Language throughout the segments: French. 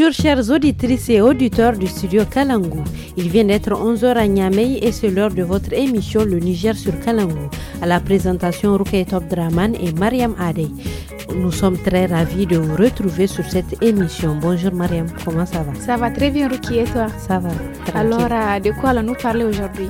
Bonjour chers auditrices et auditeurs du studio Kalangu. Il vient d'être 11h à Niamey et c'est l'heure de votre émission Le Niger sur Kalangu. À la présentation Rukai Top Draman et Mariam Adey. Nous sommes très ravis de vous retrouver sur cette émission. Bonjour Mariam, comment ça va Ça va très bien Ruki et toi Ça va. Alors euh, de quoi allons-nous parler aujourd'hui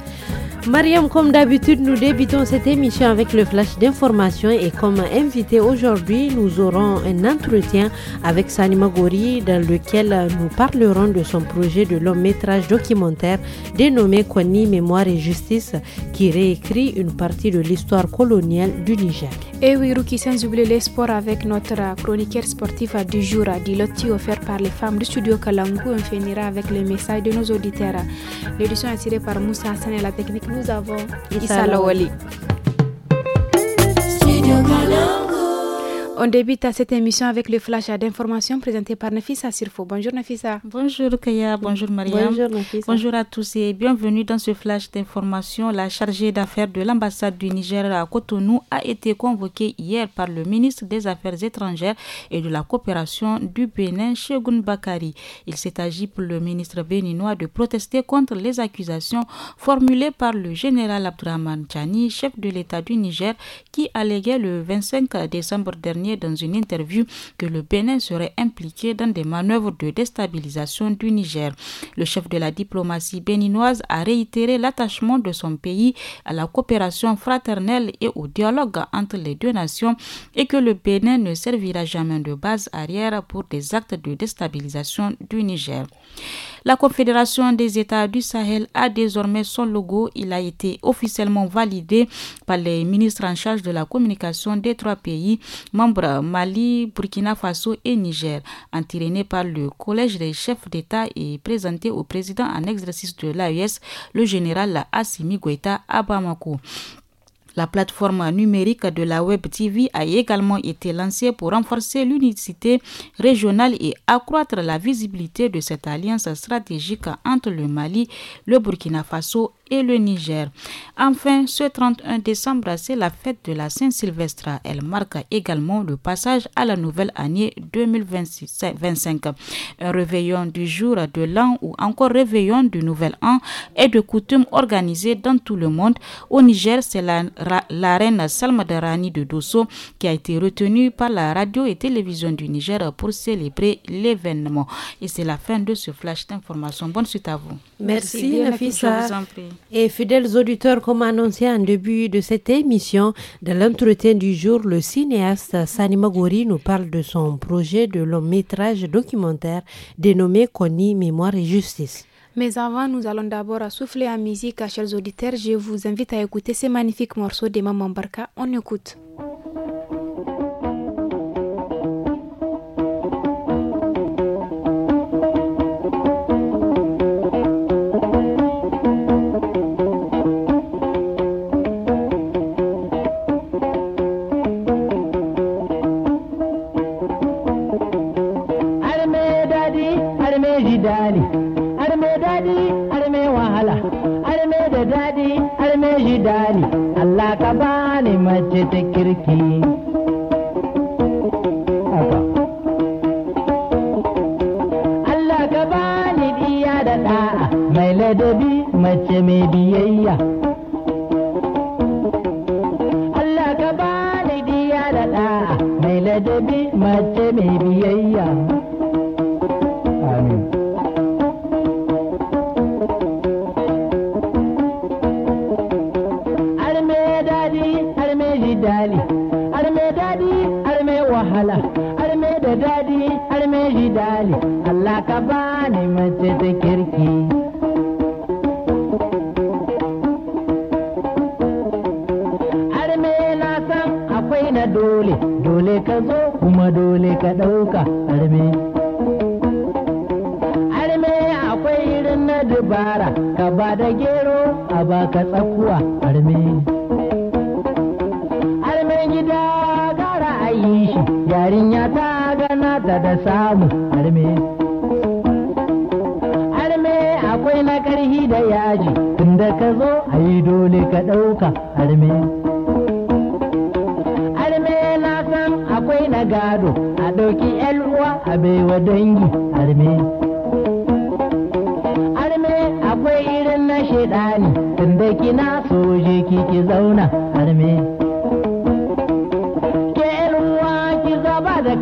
Mariam, comme d'habitude, nous débutons cette émission avec le flash d'information et comme invité aujourd'hui, nous aurons un entretien avec Sanima Gori dans lequel nous parlerons de son projet de long métrage documentaire dénommé Kwani Mémoire et Justice qui réécrit une partie de l'histoire coloniale du Niger. Et eh oui, Ruki, sans oublier les sports avec notre chroniqueur sportif du jour, Dilotti, offert par les femmes du studio Kalangu. On finira avec les messages de nos auditeurs. L'édition est tirée par Moussa Hassan et la technique. nous avons Issa On débute à cette émission avec le flash d'informations présenté par Nafisa Sirfo. Bonjour Nafisa. Bonjour Kaya, bonjour Mariam. Bonjour Nafisa. Bonjour à tous et bienvenue dans ce flash d'informations. La chargée d'affaires de l'ambassade du Niger à Cotonou a été convoquée hier par le ministre des Affaires étrangères et de la coopération du Bénin, Shogun Bakari. Il s'est agi pour le ministre béninois de protester contre les accusations formulées par le général Abdurrahman Chani, chef de l'État du Niger, qui alléguait le 25 décembre dernier dans une interview que le Bénin serait impliqué dans des manœuvres de déstabilisation du Niger. Le chef de la diplomatie béninoise a réitéré l'attachement de son pays à la coopération fraternelle et au dialogue entre les deux nations et que le Bénin ne servira jamais de base arrière pour des actes de déstabilisation du Niger. La Confédération des États du Sahel a désormais son logo. Il a été officiellement validé par les ministres en charge de la communication des trois pays membres Mali, Burkina Faso et Niger. Entériné par le Collège des chefs d'État et présenté au président en exercice de l'AES, le général Assimi Goïta à la plateforme numérique de la Web TV a également été lancée pour renforcer l'unicité régionale et accroître la visibilité de cette alliance stratégique entre le Mali, le Burkina Faso et le Niger. Enfin, ce 31 décembre, c'est la fête de la Saint-Sylvestre. Elle marque également le passage à la nouvelle année 2025. Un réveillon du jour de l'an ou encore réveillon du nouvel an est de coutume organisée dans tout le monde. Au Niger, c'est la, reine Salma Darani de Dosso qui a été retenue par la radio et télévision du Niger pour célébrer l'événement. Et c'est la fin de ce flash d'information. Bonne suite à vous. Merci, Merci vous en et fidèles auditeurs, comme annoncé en début de cette émission, de l'entretien du jour, le cinéaste Gori nous parle de son projet de long métrage documentaire dénommé Connie Mémoire et Justice. Mais avant, nous allons d'abord souffler en musique, à chers auditeurs. Je vous invite à écouter ces magnifiques morceaux de Maman Barca. On écoute.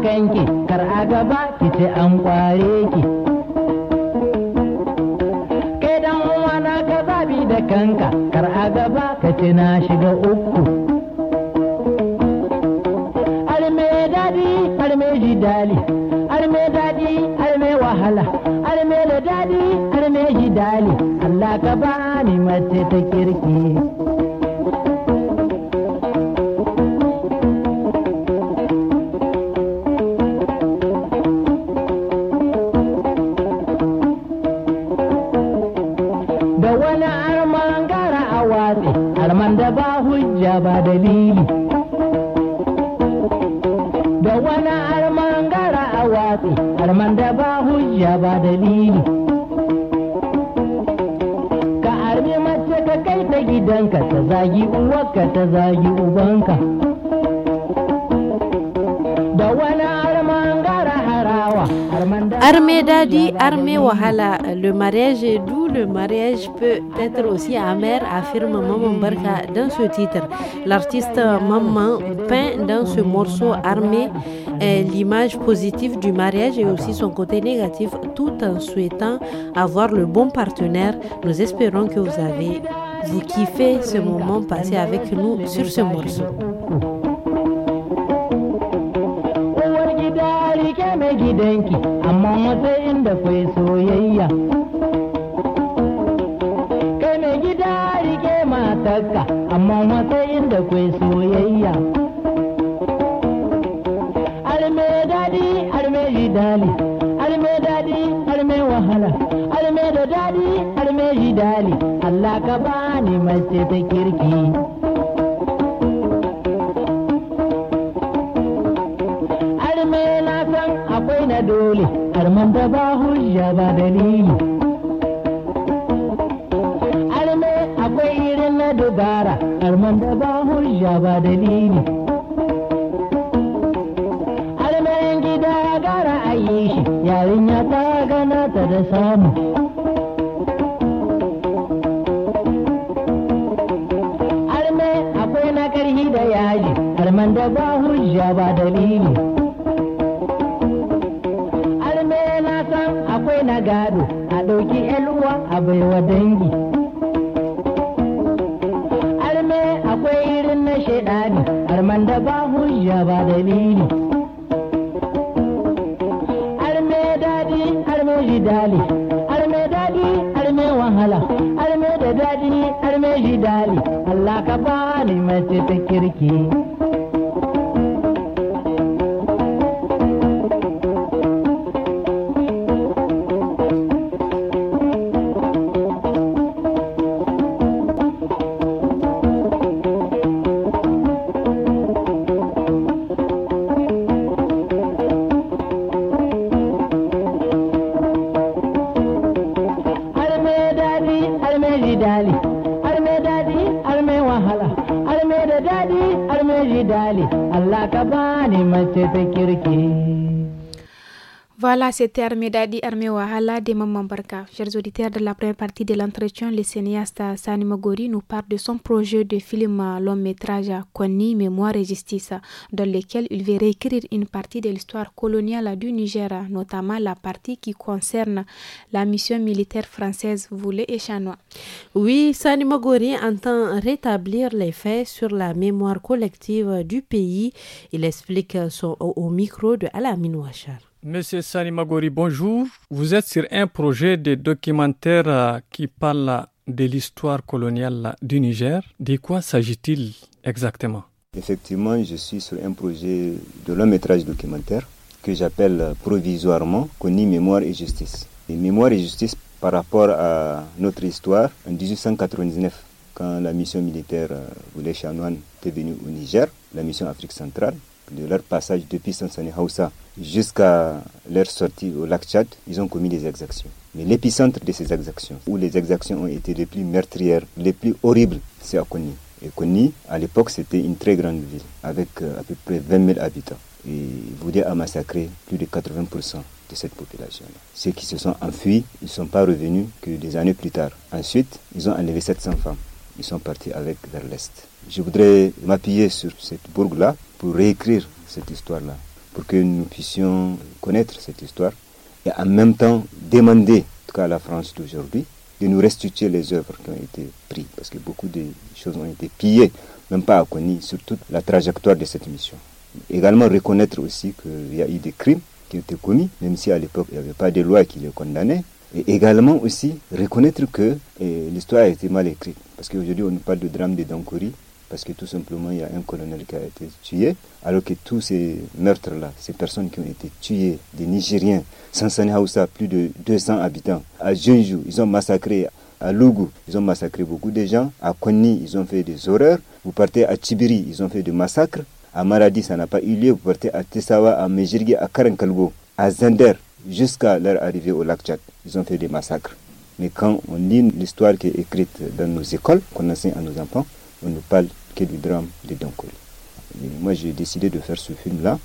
kanki kar a gaba ki ce an kware ki kai dan na ka zabi da kanka kar a gaba ka ce na shiga uku arme dadi arme dali arme dadi arme wahala arme da dadi arme dali Allah ka bani mace ta kirki armée wahala le mariage et d'où le mariage peut être aussi amer, affirme Maman Barka dans ce titre. L'artiste Maman peint dans ce morceau armé l'image positive du mariage et aussi son côté négatif tout en souhaitant avoir le bon partenaire. Nous espérons que vous avez vous ce moment passé avec nous sur ce morceau. da kwai soyayya kai mai gida rike matarka amma wata inda kwai soyayya arme daɗi arme ji dali arme daɗi arme wahala arme da daɗi arme ji dali Allah ka bani mace ta kirki dole arman da ba hujja ba dalili arme akwai irin na dubara arman da ba hujja ba dalili armen gida gara a yi shi yarinya ta gana ta da samu arme akwai na karhi da yaji arman da ba hujja ba dalili C'était Armé Dadi Armé Wahala de Chers auditeurs, de la première partie de l'entretien, le cinéaste Sani nous parle de son projet de film long métrage Koni, Mémoire et Justice, dans lequel il veut réécrire une partie de l'histoire coloniale du Niger, notamment la partie qui concerne la mission militaire française voulée et chanois. Oui, Sani entend rétablir les faits sur la mémoire collective du pays. Il explique son, au, micro de Alamin Ouachar. Monsieur Salimagori, bonjour. Vous êtes sur un projet de documentaire euh, qui parle de l'histoire coloniale du Niger. De quoi s'agit-il exactement Effectivement, je suis sur un projet de long métrage documentaire que j'appelle provisoirement Connu, Mémoire et Justice. Et Mémoire et Justice par rapport à notre histoire en 1899, quand la mission militaire voulait euh, chanoine est venue au Niger, la mission Afrique centrale de leur passage depuis Sansani Hausa jusqu'à leur sortie au lac Tchad, ils ont commis des exactions. Mais l'épicentre de ces exactions, où les exactions ont été les plus meurtrières, les plus horribles, c'est à Kony. Et Kony, à l'époque, c'était une très grande ville, avec euh, à peu près 20 000 habitants. Et Voudé a massacré plus de 80% de cette population Ceux qui se sont enfuis, ils ne sont pas revenus que des années plus tard. Ensuite, ils ont enlevé 700 femmes. Ils sont partis avec vers l'Est. Je voudrais m'appuyer sur cette bourg-là pour réécrire cette histoire-là, pour que nous puissions connaître cette histoire et en même temps demander, en tout cas à la France d'aujourd'hui, de nous restituer les œuvres qui ont été prises, parce que beaucoup de choses ont été pillées, même pas connues, sur toute la trajectoire de cette mission. Également reconnaître aussi qu'il y a eu des crimes qui ont été commis, même si à l'époque il n'y avait pas de loi qui les condamnait, et également aussi reconnaître que eh, l'histoire a été mal écrite. Parce qu'aujourd'hui, on nous parle du drame de Dankori, parce que tout simplement il y a un colonel qui a été tué, alors que tous ces meurtres-là, ces personnes qui ont été tuées, des Nigériens, Sansani Hausa, plus de 200 habitants, à Jinju ils ont massacré, à Lugu, ils ont massacré beaucoup de gens, à Konni ils ont fait des horreurs, vous partez à Tibiri, ils ont fait des massacres, à Maradi, ça n'a pas eu lieu, vous partez à Tessawa, à Mejirgi, à Karankalbo, à Zender, jusqu'à leur arrivée au lac Tchad, ils ont fait des massacres. Mais quand on lit l'histoire qui est écrite dans nos écoles, qu'on enseigne à nos enfants, on ne parle que du drame de Donkol. Moi, j'ai décidé de faire ce film-là,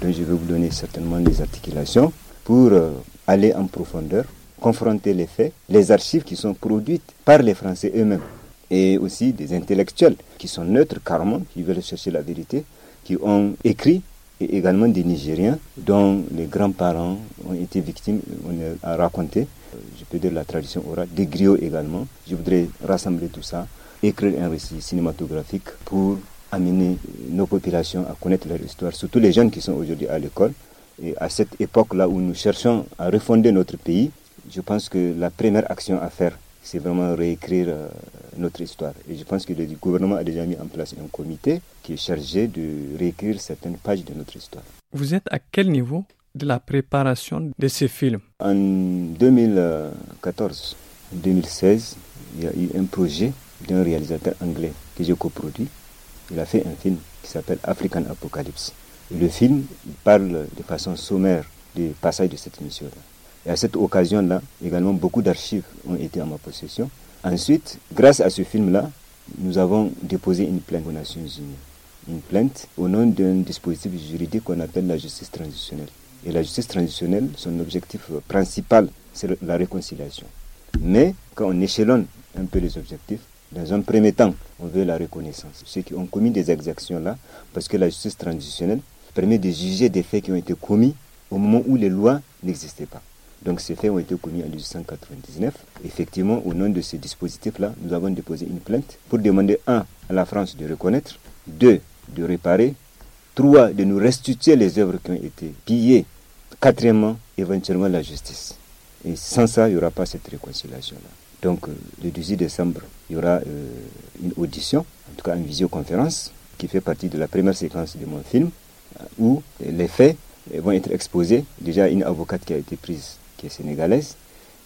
dont je vais vous donner certainement des articulations, pour euh, aller en profondeur, confronter les faits, les archives qui sont produites par les Français eux-mêmes, et aussi des intellectuels qui sont neutres carrément, qui veulent chercher la vérité, qui ont écrit, et également des Nigériens dont les grands-parents ont été victimes, on a raconté, euh, je peux dire la tradition orale, des griots également. Je voudrais rassembler tout ça écrire un récit cinématographique pour amener nos populations à connaître leur histoire, surtout les jeunes qui sont aujourd'hui à l'école. Et à cette époque-là où nous cherchons à refonder notre pays, je pense que la première action à faire, c'est vraiment réécrire euh, notre histoire. Et je pense que le gouvernement a déjà mis en place un comité qui est chargé de réécrire certaines pages de notre histoire. Vous êtes à quel niveau de la préparation de ces films En 2014-2016, euh, il y a eu un projet d'un réalisateur anglais que j'ai coproduit. Il a fait un film qui s'appelle African Apocalypse. le film parle de façon sommaire du passage de cette mission-là. Et à cette occasion-là, également, beaucoup d'archives ont été en ma possession. Ensuite, grâce à ce film-là, nous avons déposé une plainte aux Nations Unies. Une plainte au nom d'un dispositif juridique qu'on appelle la justice transitionnelle. Et la justice transitionnelle, son objectif principal, c'est la réconciliation. Mais quand on échelonne un peu les objectifs, dans un premier temps, on veut la reconnaissance. Ceux qui ont commis des exactions là, parce que la justice transitionnelle permet de juger des faits qui ont été commis au moment où les lois n'existaient pas. Donc ces faits ont été commis en 1899. Effectivement, au nom de ce dispositif-là, nous avons déposé une plainte pour demander, un, à la France de reconnaître, deux, de réparer, trois, de nous restituer les œuvres qui ont été pillées, quatrièmement, éventuellement la justice. Et sans ça, il n'y aura pas cette réconciliation-là. Donc, euh, le 18 décembre, il y aura euh, une audition, en tout cas une visioconférence, qui fait partie de la première séquence de mon film, euh, où les faits vont être exposés. Déjà, une avocate qui a été prise, qui est sénégalaise,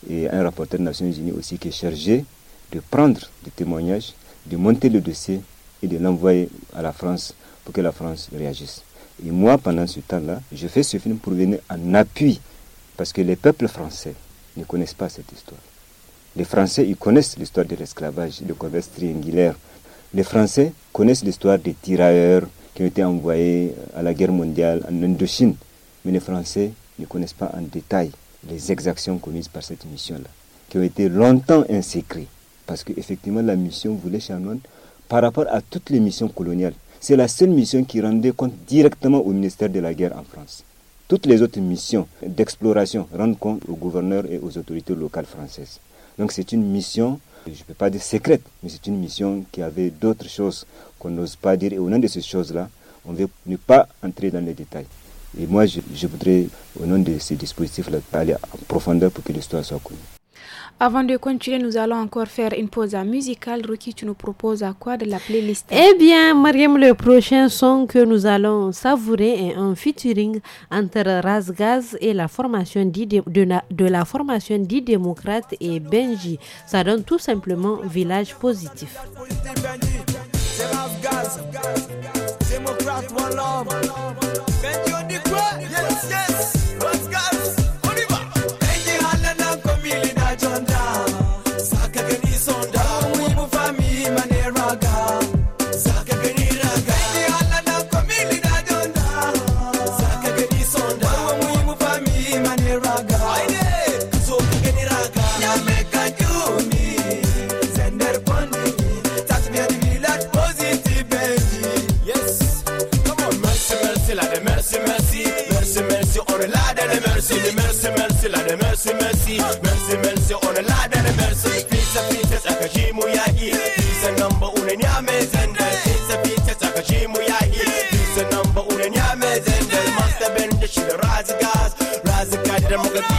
et un rapporteur des Nations Unies aussi qui est chargé de prendre des témoignages, de monter le dossier et de l'envoyer à la France pour que la France réagisse. Et moi, pendant ce temps-là, je fais ce film pour venir en appui, parce que les peuples français ne connaissent pas cette histoire. Les Français, ils connaissent l'histoire de l'esclavage, de commerce triangulaire. Les Français connaissent l'histoire des tirailleurs qui ont été envoyés euh, à la guerre mondiale en Indochine. Mais les Français ne connaissent pas en détail les exactions commises par cette mission-là, qui ont été longtemps insécrées. Parce qu'effectivement, la mission voulait Chanoine par rapport à toutes les missions coloniales. C'est la seule mission qui rendait compte directement au ministère de la guerre en France. Toutes les autres missions d'exploration rendent compte aux gouverneurs et aux autorités locales françaises. Donc c'est une mission, je ne peux pas dire secrète, mais c'est une mission qui avait d'autres choses qu'on n'ose pas dire. Et au nom de ces choses-là, on veut pas entrer dans les détails. Et moi, je, voudrais, au nom de ces dispositifs-là, parler en profondeur pour que l'histoire soit connue. Avant de continuer, nous allons encore faire une pause musicale. Ruki, tu nous proposes à quoi de la playlist Eh bien, Mariam, le prochain son que nous allons savourer est un featuring entre Rasgaz et la formation de, formation dit démocrate et Benji. Ça donne tout simplement Village Positif. mercy, mercy, mercy, mercy on a ladder, mercy. Peace and peace, Akajimu Yahi. Peace number one, Zender. Peace and peace, Akajimu Yahi. Peace and number Unenyame Zender. Master Bender, she the Razagas. Razagas, the Mugabi.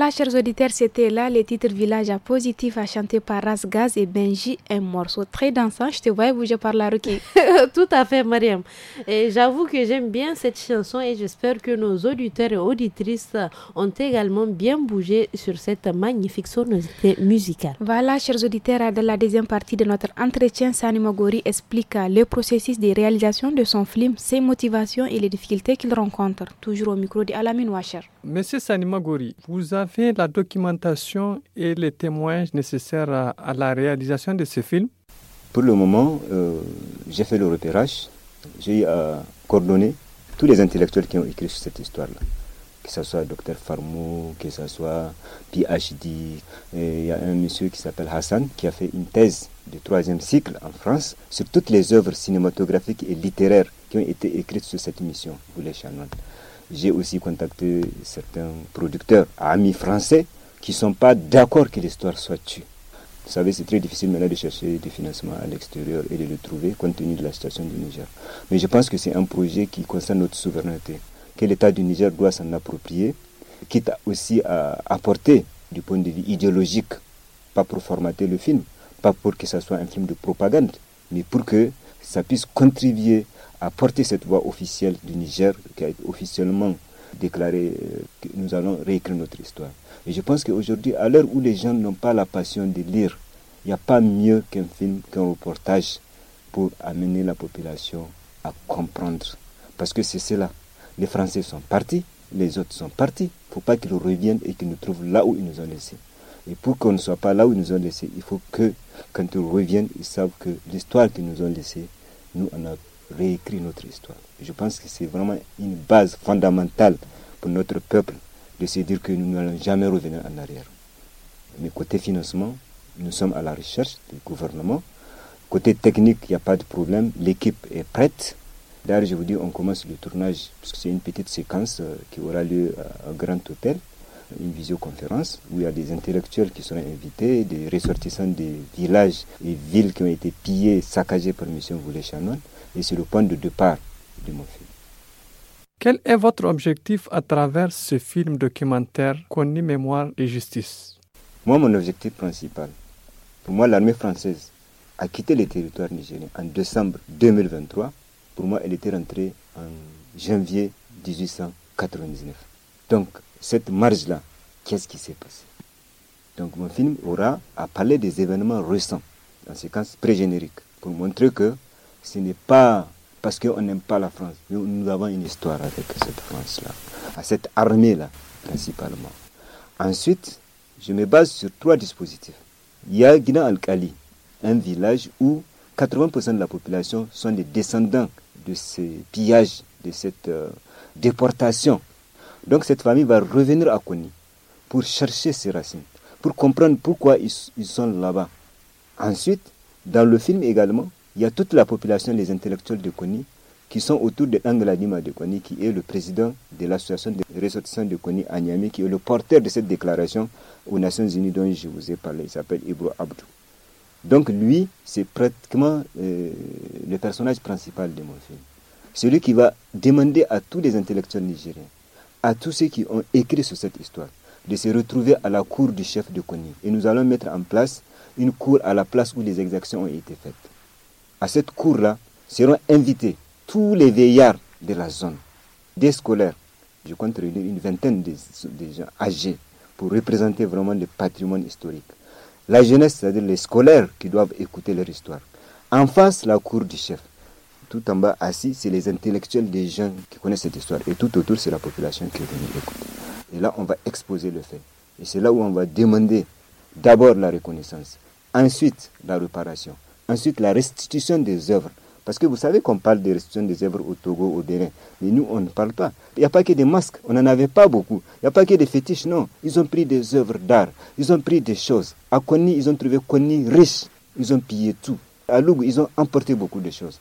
Voilà, chers auditeurs, c'était là les titres Village à positif à chanter par Rasgaz et Benji, un morceau très dansant. Je te vois bouger par la rue. Tout à fait, Mariam. Et j'avoue que j'aime bien cette chanson et j'espère que nos auditeurs et auditrices ont également bien bougé sur cette magnifique sonorité musicale. Voilà, chers auditeurs, dans la deuxième partie de notre entretien, Gori explique le processus de réalisation de son film, ses motivations et les difficultés qu'il rencontre. Toujours au micro de Alamin Washer. Monsieur Sanimagori, vous avez fait la documentation et les témoignages nécessaires à, la réalisation de ce film Pour le moment, euh, j'ai fait le repérage. J'ai euh, coordonné tous les intellectuels qui ont écrit sur cette histoire-là. Que ce soit docteur Farmou, que ce soit PhD. Il y a un monsieur qui s'appelle Hassan qui a fait une thèse du troisième cycle en France sur toutes les œuvres cinématographiques et littéraires qui ont été écrites sur cette mission, vous les j'ai aussi contacté certains producteurs, amis français, qui ne sont pas d'accord que l'histoire soit tue. Vous savez, c'est très difficile maintenant de chercher des financements à l'extérieur et de le trouver compte tenu de la situation du Niger. Mais je pense que c'est un projet qui concerne notre souveraineté, que l'État du Niger doit s'en approprier, quitte aussi à apporter du point de vue idéologique, pas pour formater le film, pas pour que ça soit un film de propagande, mais pour que ça puisse contribuer à porter cette voix officielle du Niger qui a officiellement déclaré euh, que nous allons réécrire notre histoire. Et je pense qu'aujourd'hui, à l'heure où les gens n'ont pas la passion de lire, il n'y a pas mieux qu'un film, qu'un reportage pour amener la population à comprendre. Parce que c'est cela. Les Français sont partis, les autres sont partis. Il ne faut pas qu'ils reviennent et qu'ils nous trouvent là où ils nous ont laissés. Et pour qu'on ne soit pas là où ils nous ont laissés, il faut que, quand ils reviennent, ils savent que l'histoire qu'ils nous ont laissée, nous, en a réécrit notre histoire. Je pense que c'est vraiment une base fondamentale pour notre peuple de se dire que nous n'allons jamais revenir en arrière. Mais côté financement, nous sommes à la recherche du gouvernement. Côté technique, il n'y a pas de problème. L'équipe est prête. D'ailleurs, je vous dis, on commence le tournage, parce que c'est une petite séquence euh, qui aura lieu à un grand hôtel, une visioconférence, où il y a des intellectuels qui seront invités, des ressortissants des villages et villes qui ont été pillés, saccagés par M. Voulet-Chanon et c'est le point de départ de mon film. Quel est votre objectif à travers ce film documentaire Connu Mémoire et Justice Moi, mon objectif principal, pour moi, l'armée française a quitté les territoires nigérien en décembre 2023. Pour moi, elle était rentrée en janvier 1899. Donc, cette marge-là, qu'est-ce qui s'est passé Donc, mon film aura à parler des événements récents, en séquence pré-générique, pour montrer que ce n'est pas parce qu'on n'aime pas la France. Nous, avons une histoire avec cette France-là, à cette armée-là, principalement. Ensuite, je me base sur trois dispositifs. Il y a Gina al un village où 80% de la population sont des descendants de ces pillages, de cette euh, déportation. Donc cette famille va revenir à Koni pour chercher ses racines, pour comprendre pourquoi ils sont là-bas. Ensuite, dans le film également, il y a toute la population des intellectuels de Kony qui sont autour de Dima de Kony, qui est le président de l'association des ressortissants de Kony à Niamey, qui est le porteur de cette déclaration aux Nations Unies dont je vous ai parlé. Il s'appelle Ibro Abdou. Donc lui, c'est pratiquement euh, le personnage principal de mon film. Celui qui va demander à tous les intellectuels nigériens, à tous ceux qui ont écrit sur cette histoire, de se retrouver à la cour du chef de Kony. Et nous allons mettre en place une cour à la place où les exactions ont été faites à cette cour-là seront invités tous les vieillards de la zone, des scolaires. Je compte réunir une vingtaine de, gens âgés pour représenter vraiment le patrimoine historique. La jeunesse, c'est-à-dire les scolaires qui doivent écouter leur histoire. En face, la cour du chef. Tout en bas, assis, c'est les intellectuels des gens qui connaissent cette histoire. Et tout autour, c'est la population qui est venue écouter. Et là, on va exposer le fait. Et c'est là où on va demander d'abord la reconnaissance, ensuite la réparation, Ensuite, la restitution des œuvres. Parce que vous savez qu'on parle de restitution des œuvres au Togo, au Bénin. Mais nous, on ne parle pas. Il n'y a pas que des masques. On n'en avait pas beaucoup. Il n'y a pas que des fétiches, non. Ils ont pris des œuvres d'art. Ils ont pris des choses. À Koni, ils ont trouvé Koni riche. Ils ont pillé tout. À Lougou, ils ont emporté beaucoup de choses.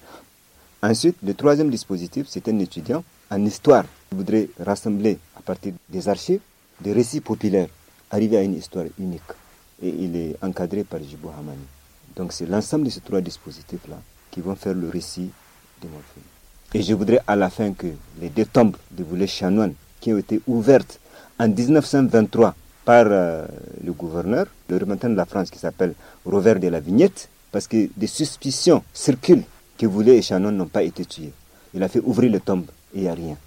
Ensuite, le troisième dispositif, c'est un étudiant en histoire. Il voudrait rassembler à partir des archives des récits populaires, arriver à une histoire unique. Et il est encadré par Jibou Hamani. Donc c'est l'ensemble de ces trois dispositifs-là qui vont faire le récit de mon film. Et je voudrais à la fin que les deux tombes de voulet Chanoine, qui ont été ouvertes en 1923 par euh, le gouverneur, le représentant de la France qui s'appelle Robert de la Vignette, parce que des suspicions circulent que Voulet et Chanoine n'ont pas été tués. Il a fait ouvrir les tombes et il n'y a rien.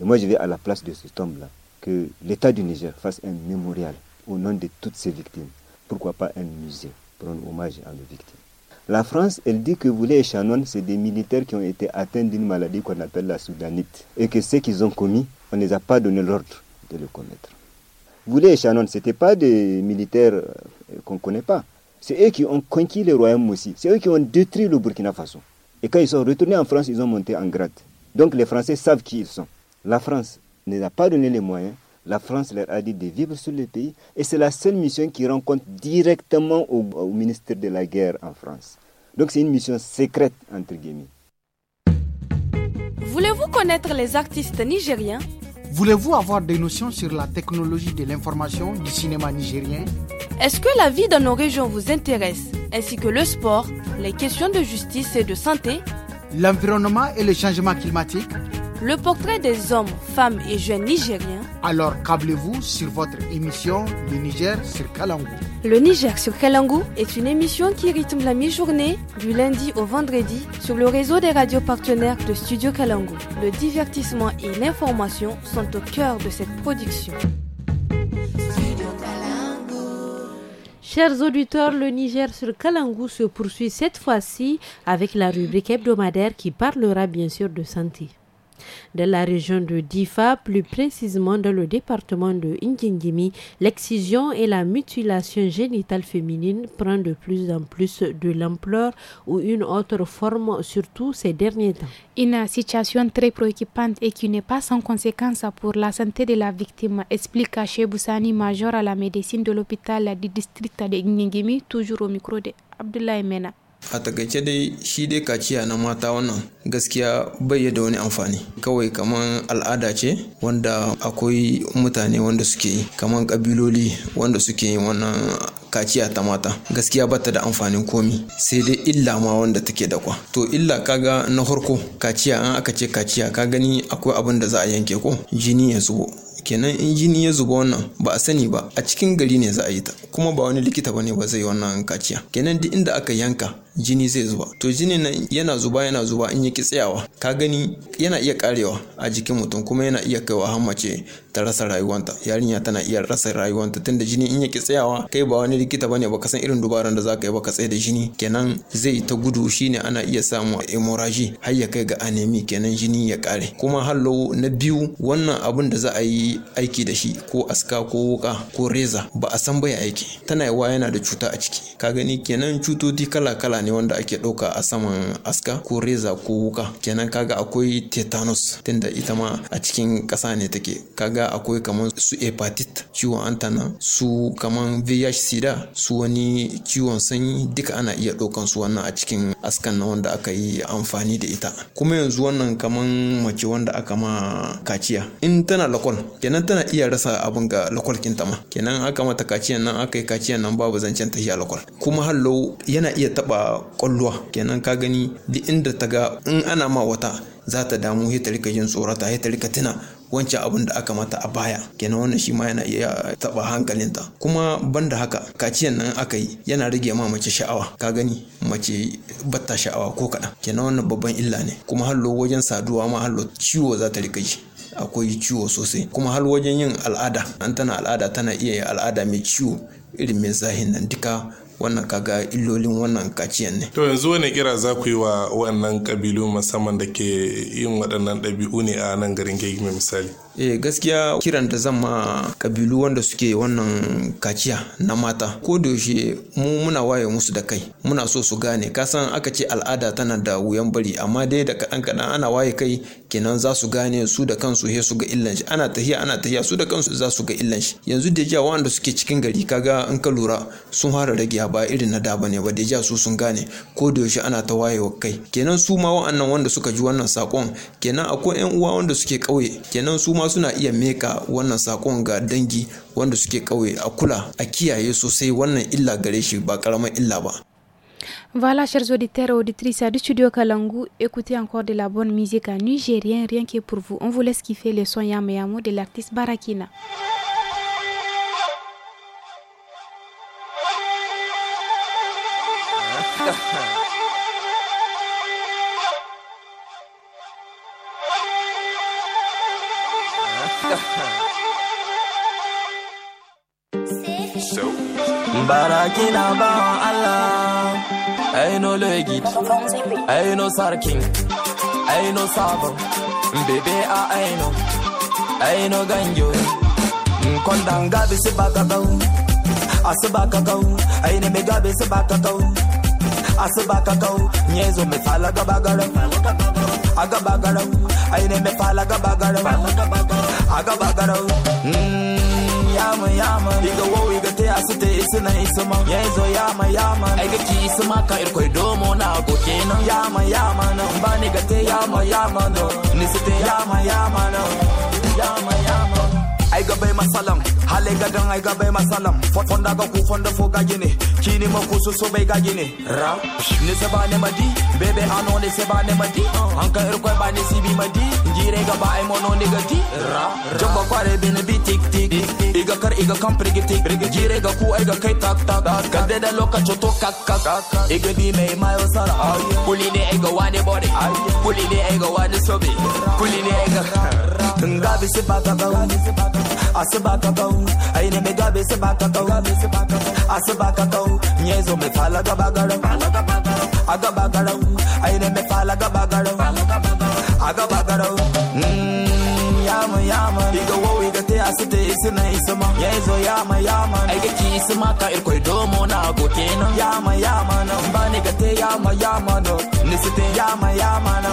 Et moi je vais à la place de ces tombes là que l'État du Niger fasse un mémorial au nom de toutes ces victimes. Pourquoi pas un musée prendre hommage à nos victimes. La France, elle dit que Voulet et Shannon, c'est des militaires qui ont été atteints d'une maladie qu'on appelle la soudanite. Et que ce qu'ils ont commis, on ne les a pas donné l'ordre de le commettre. Voulet et Shannon, ce n'étaient pas des militaires euh, qu'on ne connaît pas. C'est eux qui ont conquis le royaume aussi. C'est eux qui ont détruit le Burkina Faso. Et quand ils sont retournés en France, ils ont monté en grade. Donc les Français savent qui ils sont. La France ne les a pas donné les moyens la France leur a dit de vivre sur le pays et c'est la seule mission qui rencontre directement au, ministère de la guerre en France. Donc c'est une mission secrète, entre guillemets. Voulez-vous connaître les artistes nigériens Voulez-vous avoir des notions sur la technologie de l'information du cinéma nigérien Est-ce que la vie dans nos régions vous intéresse, ainsi que le sport, les questions de justice et de santé L'environnement et le changement climatique le portrait des hommes, femmes et jeunes nigériens. Alors câblez-vous sur votre émission Le Niger sur Kalangou. Le Niger sur Kalangou est une émission qui rythme la mi-journée du lundi au vendredi sur le réseau des radios partenaires de Studio Kalangou. Le divertissement et l'information sont au cœur de cette production. Chers auditeurs, le Niger sur Kalangou se poursuit cette fois-ci avec la rubrique hebdomadaire qui parlera bien sûr de santé. De la région de Difa, plus précisément dans le département de Ngingimi, l'excision et la mutilation génitale féminine prennent de plus en plus de l'ampleur ou une autre forme, surtout ces derniers temps. Une situation très préoccupante et qui n'est pas sans conséquence pour la santé de la victime, explique Haché Boussani, major à la médecine de l'hôpital du district de Ngingimi, toujours au micro de Mena. A takaice dai shi dai kaciya na mata wannan gaskiya bai da wani amfani kawai kaman al'ada ce wanda akwai mutane wanda suke yi kaman kabiloli wanda suke yi wannan kaciya ta mata gaskiya bata da amfanin komi sai dai illa ma wanda take da kwa to illa kaga na farko kaciya an aka ce kaciya ka gani akwai abin da za a yanke ko jini ya zubo kenan in jini ya zuba wannan ba a sani ba a cikin gari ne za a yi ta kuma ba wani likita bane ba zai wannan kaciya kenan duk inda aka yanka jini zai zuba to jini nan yana zuba yana zuba in ya ki tsayawa ka gani yana iya karewa a jikin mutum kuma yana iya kaiwa har mace ta rasa rayuwanta yarinya tana iya rasa rayuwanta tunda jini in yake tsayawa kai ba wani likita bane ba ka san irin dubaran da zaka yi ba ka tsaye da jini kenan zai ta gudu shine ana iya samu hemorrhage har ya kai ga anemi kenan jini ya kare kuma hallo na biyu wannan abun da za a yi aiki da shi ko aska ko wuka ko reza ba a san bai aiki tana yawa yana da cuta a ciki ka gani kenan cutoti kala kala ne wanda ake ɗauka a saman aska ko reza ko wuka kenan kaga akwai tetanus tunda ita ma a cikin ƙasa ne take kaga ga akwai kamar su hepatit ciwon antana su kaman vih sida su wani ciwon sanyi duka ana iya ɗaukan su wannan a cikin askan na wanda aka yi amfani da ita kuma yanzu wannan kaman mace wanda aka ma kaciya in tana lakwal kenan tana iya rasa abin ga lakwal kinta ma kenan aka mata kaciyan nan aka yi kaciyan nan babu zancen a lakwal kuma hallo yana iya taba kwallowa kenan ka gani duk inda ta ga in ana ma wata za ta damu ya ta rika tsorata ya ta rika tuna wancan abin da aka mata a baya kenan wannan shi ma yana iya taba hankalinta kuma banda haka kaciyan nan aka yi yana rage ma mace sha'awa ka gani mace bata sha'awa ko kaɗan kenan wannan babban illa ne kuma hallo wajen saduwa ma hallo ciwo za ta rika yi. akwai ciwo sosai kuma har wajen yin al'ada an tana al'ada tana iya yin al'ada mai ciwo irin mai zahin nan duka wannan kaga illolin wannan kaciyan ne to yanzu wani kira za ku yi wa wannan kabilu musamman da ke yin waɗannan ɗabi'u ne a nan garin gegime misali e gaskiya kiran da zan ma kabilu wanda suke wannan kaciya na mata ko da yaushe mu muna waye musu da kai muna so su gane ka san aka ce al'ada tana da wuyan bari amma dai da kaɗan kaɗan ana waye kai kenan za su gane su da kansu he su ga illan shi ana tahiya ana tahiya su da kansu za su ga illan shi yanzu da jiya wanda suke cikin gari kaga in ka lura sun fara rage ba irin na da bane ba deja su sun gane ko da yaushe ana ta wayewa kai kenan su ma wa'annan wanda suka ji wannan sakon kenan akwai yan uwa wanda suke kauye kenan su ma suna iya meka wannan sakon ga dangi wanda suke kauye a kula a kiyaye sosai wannan illa gare shi ba karamar illa ba Voilà, chers auditeurs et auditrices du studio Kalangu, écoutez encore de la bonne musique en nigérien, rien que pour vous. On vous laisse kiffer le son Yamayamo de l'artiste Barakina. So, Barakina bawan Allah, I aino legit, sarking. I aino sabo. bebe a I aino ganjo, kondanga bisi bakakau, asu bakakau, aine megabe si bakakau asibakakau nyezo mefala gabagaro agabagaro aine mefala gabagaro agabagaro mm, yama yama iga wo iga te asite isina isama nyezo yama yama aiga ki isama ka irkoi domo na goke no yama yama no mbani ga te yama yama no nisite yama yama no yama yama ay gabay masalam hale gadan ay gabay masalam fonda ga ku fonda fo gajine kini ma ku so bay gajine ra ne se bane madi bebe ano ne se bane madi anka er ko bane sibi madi jire ga ba ay mono ne gadi ra jobba kware bene bi tik tik iga kar iga kam prigi kan prigi jire ga ku iga kai tak tak tak kade da loka choto kak kak iga di mai mayo sara puli ne iga wani body puli ne iga wani sobi puli ne iga tunga bi se baka ba bau asu baka bau ai ne me bi se baka bau asu baka ba bau nyezo me fala ga bagara aga bagara ai ne me fala ga bagara aga bagara mm yama yama diga wowi ga te asite isina isama yezo yama yama ai ki isama ka ir koy na go yama yama na bani ga yama yama no nisite yama yama na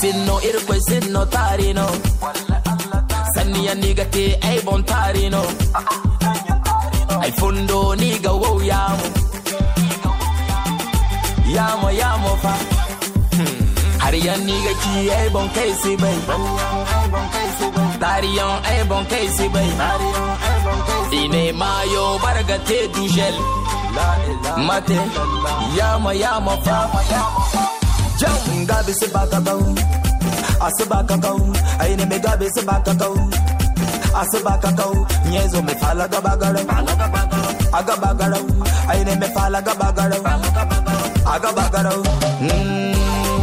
sinno irkwe sinno tarino ya nigga te ai bon tarino Ay fundo nigga wow yamo yamo yamo fa hmm. har ya nigga ki ay bon kai bay. bai tarion ai bon kai si bai ine mayo barga du gel. mate yamo yamo fa jam gabi se bakakau asibakakau aine me gabi se bakakau asuba kakau nyezo me fala gabagaro agabagaro aine me fala gabagaro agabagaro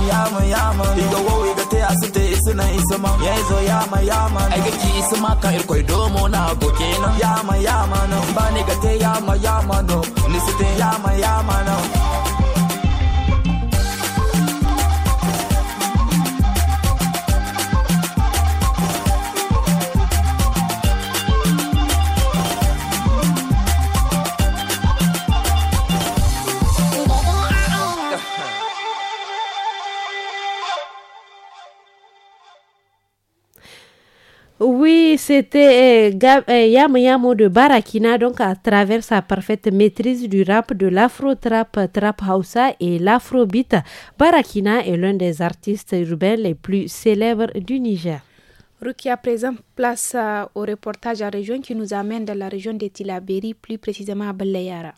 yama yama iga wo iga te asute isuna isuma nyezo yama yama aiga ki isuma ka irkoi domo na go yama yama no bani ga yama yama no nisite yama yama no c'était eh, eh, Yam Yamo de Barakina, donc à travers sa parfaite maîtrise du rap, de l'afro-trap, trap hausa et l'afro-beat. Barakina est l'un des artistes urbains les plus célèbres du Niger. Ruki, à présent, place euh, au reportage à région qui nous amène dans la région de Tilaberi, plus précisément à Baleyara.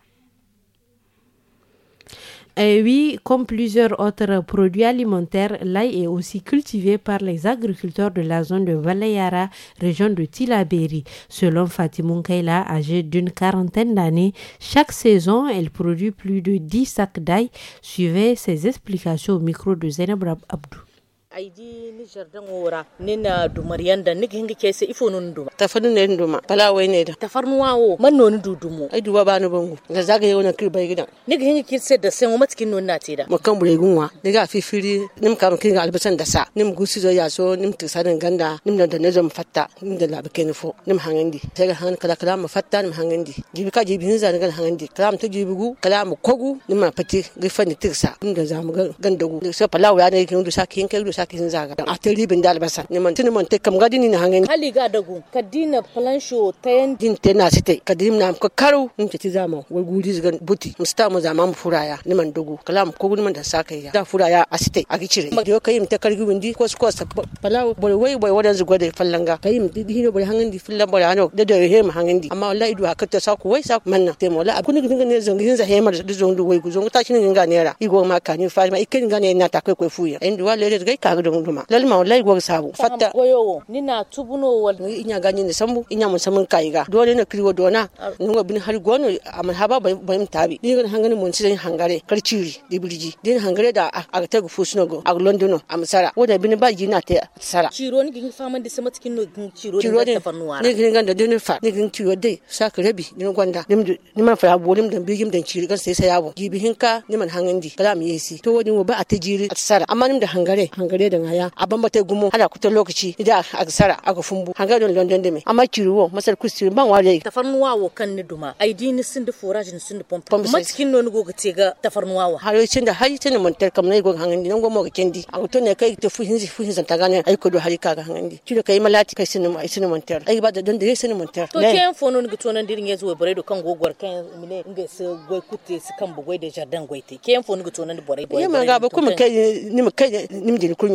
Et eh oui, comme plusieurs autres produits alimentaires, l'ail est aussi cultivé par les agriculteurs de la zone de Valayara, région de Tilaberi. Selon Fatimou Kaila, âgée d'une quarantaine d'années, chaque saison, elle produit plus de 10 sacs d'ail. Suivez ses explications au micro de Zainab Abdou. aidi ni jardin wora ni na dumar yanda ni nigi ke sai ifo nun duma tafarnu ne duma bala wai ne da tafarnu wawo man no ni dudumo ai duba ba ni bangu da zaga yau na kir bai gidan ni nigi ke sai da sai mu tikin nun na ce da mu kan bure gunwa ni ga fifiri ni mu kan kinga albasan da sa ni mu gusi zo ya so ni mu tisanin ganda ni mu da ne zo mu fatta ni da labe ni fo ni mu nim hangandi sai ga han kala kala mu fatta ni mu nim hangandi jibi ka jibi hin zanin gan hangandi kala mu ta jibi gu kala mu kogu ni ma fati ga fani tirsa ni da zamu ganda gu sai bala wai ne ki du sa kin kai du sa kin zaga a teri bin dal basa ne man tin man te kam gadi ni hangen hali ga dagu kadina plan show tayen din te na site kadim na ko karu in ti zama wai guri zigan buti musta mu zama mu furaya ni man dogo kalam ko gudun da saka ya da furaya a site a gicire ma yo kayim ta kargi windi ko ko palawo boy wai boy wadan zugo da fallanga kayim di hino boy hangen di fillan boy hano da da he ma hangen di amma wallahi du hakata sa ku wai sa man na te mola kun gudun ne zongi hin za he ma da zongi wai ku zongi ta shi ne ga nera igo ma kanin fa ma ikin ga ne na ta kai kai fuya inda wallahi ga agdon duma lal ma wallahi gog sabu fatta goyowo nina tubuno wal inya ganyi ne sambu inya mun samun kaiga dole na kriwo dona nungo bin har gono amma haba bayim tabi digan hangani mun sai hangare karciri dibirji din hangare da ah, agta gu fusnogo ag londono amsara woda bin ba jina te sara ciro ni gin faman de sama tikin no gin ciro ni tafarnuwa ni gin ganda dinin fa ni gin ciro dai saka rabi ni gwanda ni man fa bolim dan bigim dan ciri kan sai sayabo gibihinka ni man hangandi kala mi yesi to wani wo ba atajiri sara amma nim da hangare hangare be den haya abambate gumo ana kuta lokaci ida a agsara aga fumbu hanga don london da me amma kiriwo masar kusti ban wale tafarnuwa wo kan ni duma ai aidi ni sind forage ni sind pompe kuma cikin no go gate ga tafarnuwa wo har yacin da har yacin mun tar kam ne go hangandi nan go mo kendi a to ne kai ta fuhin fuhin zanta gane ai ko do har ka ga ni kiro kai malati kai sinin ai sinin mun tar ai ba da don da sinin mun tar to ken fono ni to nan dirin yezo bare do kan go gor kan mine inga se goy kutte su kan bugoi da jardin goite ken fono ni to nan bare bare ya ma ga ba kuma kai ni mu kai ni mu jini kun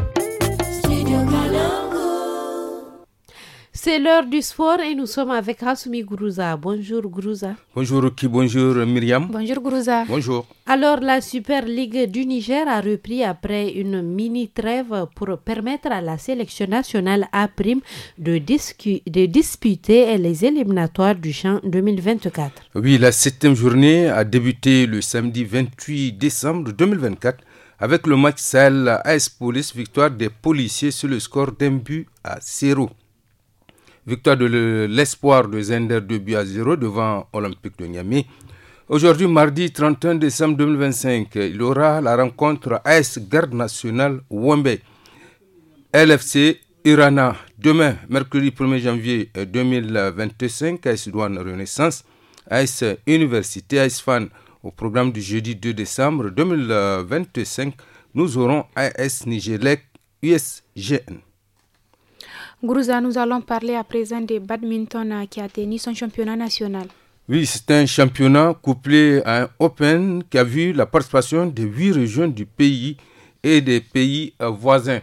C'est l'heure du sport et nous sommes avec Hassoumi Grouza. Bonjour Grouza. Bonjour qui bonjour Myriam. Bonjour Grouza. Bonjour. Alors la Super Ligue du Niger a repris après une mini trêve pour permettre à la sélection nationale à prime de, de disputer les éliminatoires du champ 2024. Oui, la septième journée a débuté le samedi 28 décembre 2024 avec le match sale AS Police victoire des policiers sur le score d'un but à zéro. Victoire de l'espoir de Zender 2 à 0 devant Olympique de Niamey. Aujourd'hui, mardi 31 décembre 2025, il aura la rencontre AS Garde nationale Wombe, LFC Irana. Demain, mercredi 1er janvier 2025, euh, AS Douane Renaissance, AS Université, AS Fan. Au programme du jeudi 2 décembre 2025, nous aurons AS Nigelec USGN. Gourouza, nous allons parler à présent de badminton euh, qui a tenu son championnat national. Oui, c'est un championnat couplé à un Open qui a vu la participation de huit régions du pays et des pays euh, voisins.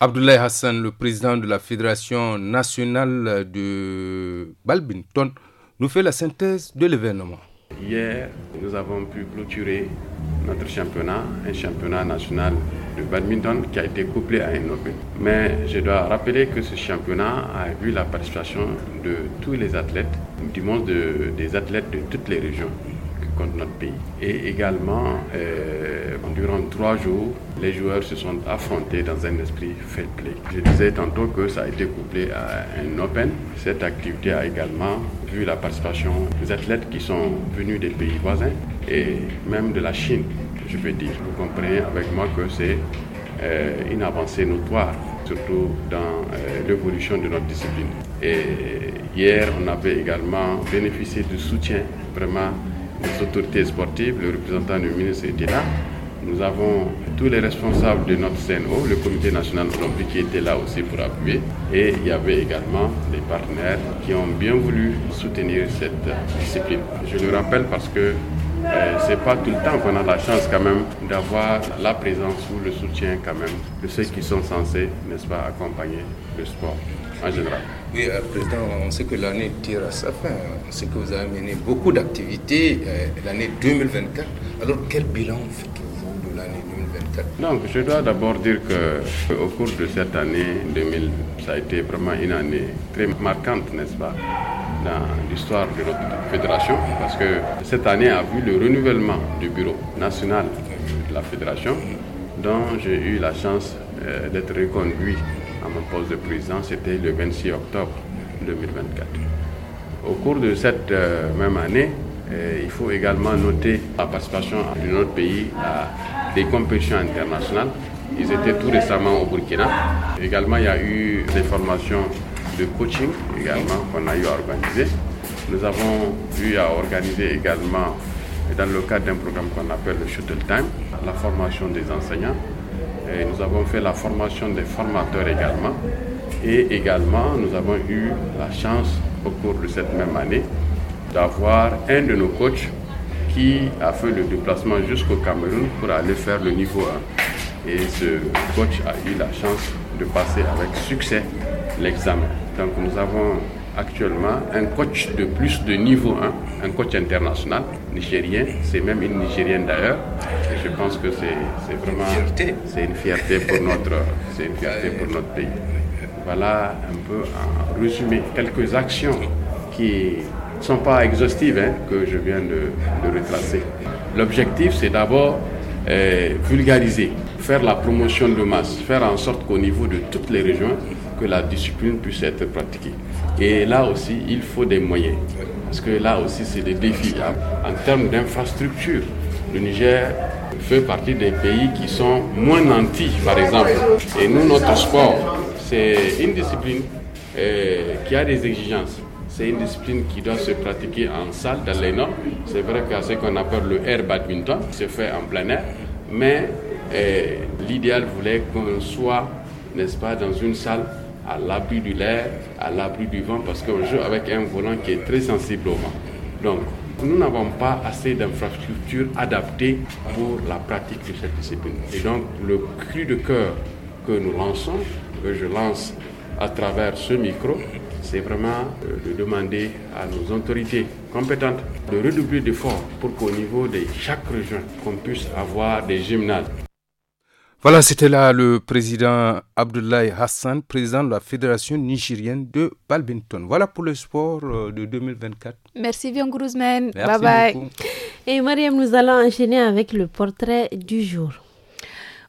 Abdoulaye Hassan, le président de la Fédération nationale de badminton, nous fait la synthèse de l'événement. Hier, nous avons pu clôturer notre championnat, un championnat national de badminton qui a été couplé à un Open. Mais je dois rappeler que ce championnat a vu la participation de tous les athlètes, du moins des athlètes de toutes les régions contre notre pays. Et également, euh, durant trois jours, les joueurs se sont affrontés dans un esprit fair play. Je disais tantôt que ça a été couplé à un Open. Cette activité a également vu la participation des athlètes qui sont venus des pays voisins et même de la Chine, je veux dire. Vous comprenez avec moi que c'est euh, une avancée notoire, surtout dans euh, l'évolution de notre discipline. Et hier, on avait également bénéficié du soutien vraiment les autorités sportives, le représentant du ministre était là. Nous avons tous les responsables de notre CNO, le comité national olympique qui était là aussi pour appuyer. Et il y avait également des partenaires qui ont bien voulu soutenir cette discipline. Je le rappelle parce que euh, ce n'est pas tout le temps qu'on a la chance quand même d'avoir la présence ou le soutien quand même de ceux qui sont censés, n'est-ce pas, accompagner le sport en général. Oui, euh, Président, on sait que l'année tire à sa fin. On sait que vous avez mené beaucoup d'activités euh, l'année 2024. Alors, quel bilan faites-vous de l'année 2024 Donc, je dois d'abord dire que au cours de cette année 2000, ça a été vraiment une année très marquante, n'est-ce pas dans l'histoire de notre fédération, parce que cette année a vu le renouvellement du bureau national de la fédération, dont j'ai eu la chance euh, d'être reconduit mon poste de président, c'était le 26 octobre 2024. Au cours de cette euh, même année, euh, il faut également noter la participation de notre pays à des compétitions internationales. Ils étaient tout récemment au Burkina. Également, il y a eu des formations de coaching également qu'on a eu à organiser. Nous avons eu à organiser également, dans le cadre d'un programme qu'on appelle le Shuttle Time, la formation des enseignants nous avons fait la formation des formateurs également. Et également, nous avons eu la chance au cours de cette même année d'avoir un de nos coachs qui a fait le déplacement jusqu'au Cameroun pour aller faire le niveau 1. Et ce coach a eu la chance de passer avec succès l'examen. Donc nous avons actuellement un coach de plus de niveau 1, un coach international nigérien, c'est même une nigérienne d'ailleurs. Et je pense que c'est vraiment c'est une fierté pour notre c'est une fierté pour notre pays. Voilà un peu en résumé quelques actions qui ne sont pas exhaustives hein, que je viens de, retracer. L'objectif c'est d'abord euh, vulgariser, faire la promotion de masse, faire en sorte qu'au niveau de toutes les régions que la discipline puisse être pratiquée. Et là aussi, il faut des moyens. Parce que là aussi, c'est des défis. Hein. En, termes d'infrastructure, le Niger fait partie des pays qui sont moins nantis, par exemple. Et nous, notre sport, c'est une discipline euh, qui a des exigences. C'est une discipline qui doit se pratiquer en salle, dans les normes. C'est vrai a ce qu'on appelle le air badminton, c'est fait en plein air. Mais euh, l'idéal voulait qu'on soit, n'est-ce pas, dans une salle à l'abri de l'air, à l'abri du vent, parce qu'on joue avec un volant qui est très sensible au vent. Donc, nous n'avons pas assez d'infrastructures adaptées pour la pratique de cette discipline. Et donc, le cri de cœur que nous lançons, que je lance à travers ce micro, c'est vraiment euh, de demander à nos autorités compétentes de redoubler d'efforts pour qu'au niveau de chaque région, qu'on puisse avoir des gymnases voilà, c'était là le président Abdoulaye Hassan, président de la Fédération nigérienne de badminton. Voilà pour le sport euh, de 2024. Merci bien, Grousman. Bye bye. Et Mariam, nous allons enchaîner avec le portrait du jour.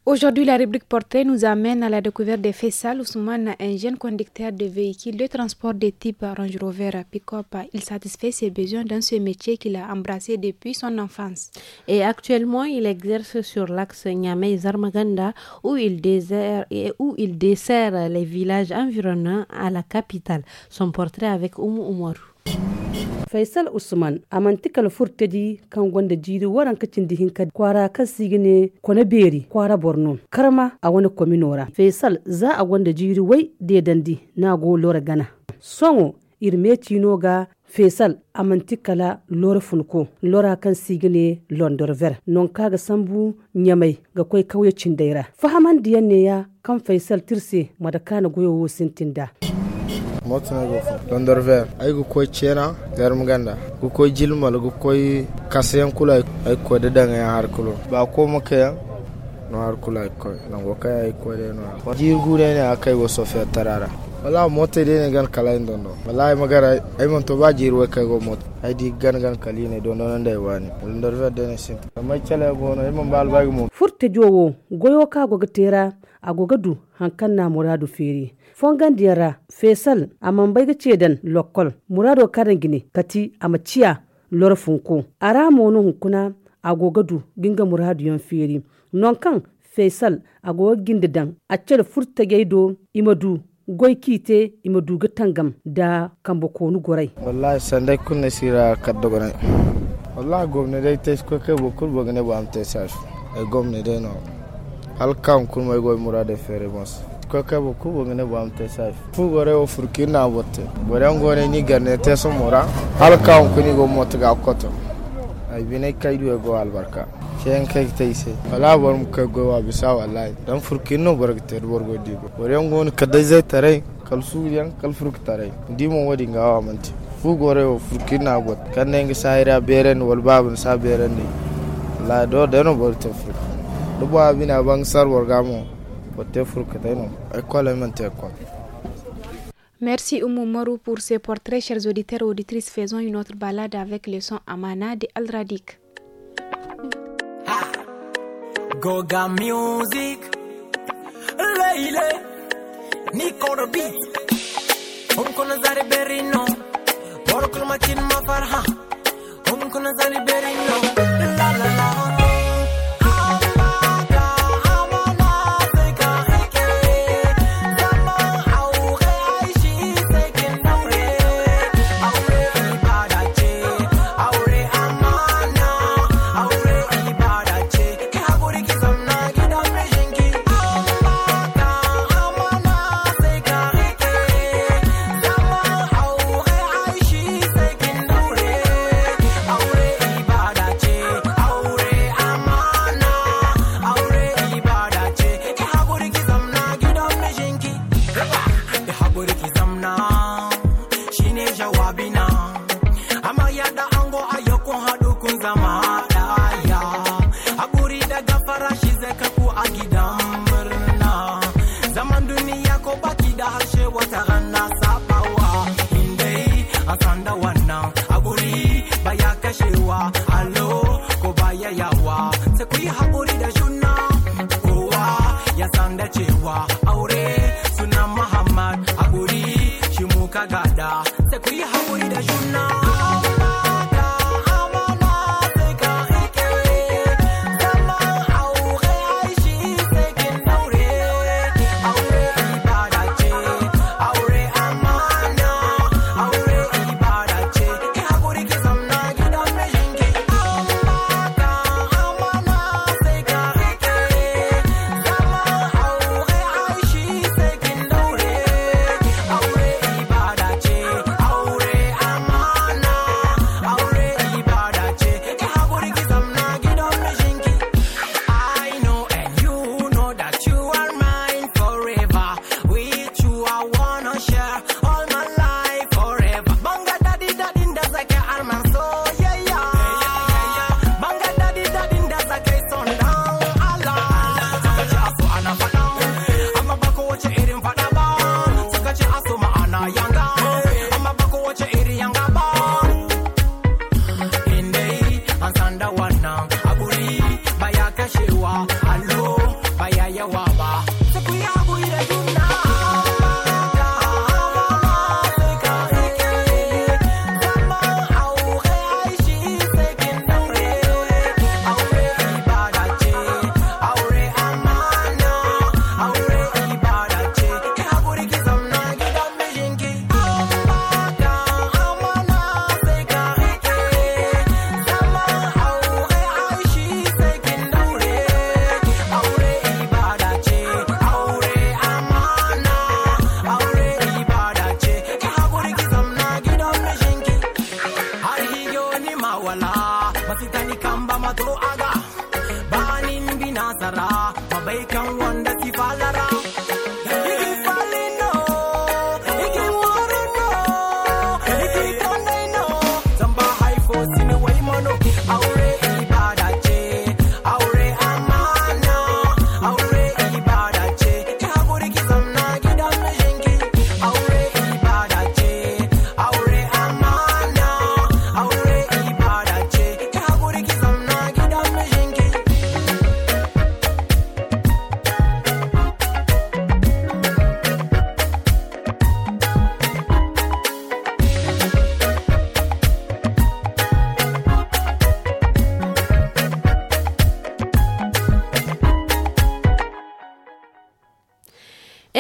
Aujourd'hui, la rubrique portrait nous amène à la découverte de Faisal Ousmane, un jeune conducteur de véhicules de transport de type Range Rover à Il satisfait ses besoins dans ce métier qu'il a embrassé depuis son enfance. Et actuellement, il exerce sur l'axe Niamey-Zarmaganda où, il où il dessert les villages environnants à la capitale. Son portrait avec Oumu Oumarou. faisal usman amantikal furtadi kan gwanda jiri waran kacin dihinka kwara kan ne kone beri kwara borno karma a wani kwaminora faisal za a gwanda jiri wai da dandi na go lora gana songo irme tino ga faisal amantikala lora funko lora kan ne londor ver non kaga sambu nyamai ga kwai kauye cindaira fahaman diyan ne ya kan faisal tirse madakana goyo sintinda motsina na fo londor ver ay go koy chena gar muganda go koy jilmal go koy kasayan kula ay ko da danga ya har kulo ba ko maka no har kula ko nan go kay ay ko de no jirgu ne akai go sofia tarara wala mota de ne gan kala en dondo wala magara ay mon to ba jiru ka go mot ay di gan gan kali ne dondo nan dai wani londor ver de ne sin mai chala go no ay mon bal ba go furte jowo goyo ka go gatera agoga du hankan na muradu feri diyara fesal a mambaiga cedan lokol murado karan gini kati a maciya lor funko a ramonu hunkuna a gogadu ginga muradu yan feri non kan fesal a gowa gindidan a cer furta gaido imadu goy kite imadu ga tangam da kambo konu gorai wallahi sandai kunna sira kaddogonay wallahi gomne dai tes ko ke bokul bogne bo am tesar e gomne dai no halkan kun may goy murade fere mos kaka boku kubo ne bo te saf fu gore o furki na gore bore ngore ni gane te so mora hal ka on kuni go mota ga koto ay e bine du go albarka ken kai taise wala bor mu ka go wa bisa wallahi dan furki no borgte borgo dibo bore ngon kadai zai tare su yan kalfurk tare mo wadi wa manti fu gore o furki na bot kan ne ngi saira beren wal babun sa beren ni la do deno borte furki dubo abina bang sar wargamo Merci Oumou Morou pour ces portraits, chers auditeurs et auditrices. Faisons une autre balade avec le son Amana de Aldradik. Goga Music, Leile, Nicole Beat, Onkona Zari Berino, Borokul Matin Mafarha, Onkona Zari Berino.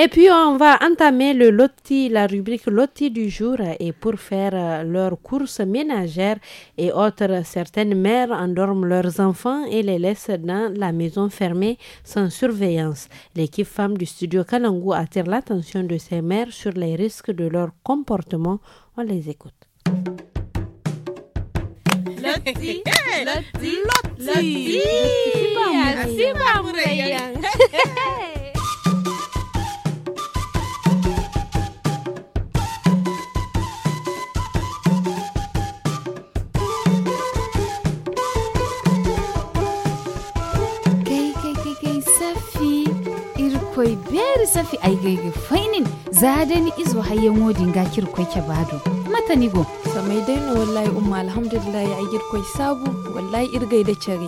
Et puis, on va entamer le loti, la rubrique loti du jour. Et pour faire euh, leurs courses ménagères et autres, certaines mères endorment leurs enfants et les laissent dans la maison fermée sans surveillance. L'équipe femme du studio Kalangu attire l'attention de ces mères sur les risques de leur comportement. On les écoute. koi beri safi aygayge faynin ni izo hayye ngodi ke koyke baado matanigo dai dayno wallahi umma alhamdulillahi aygir koy sabu wallahi irgayde cari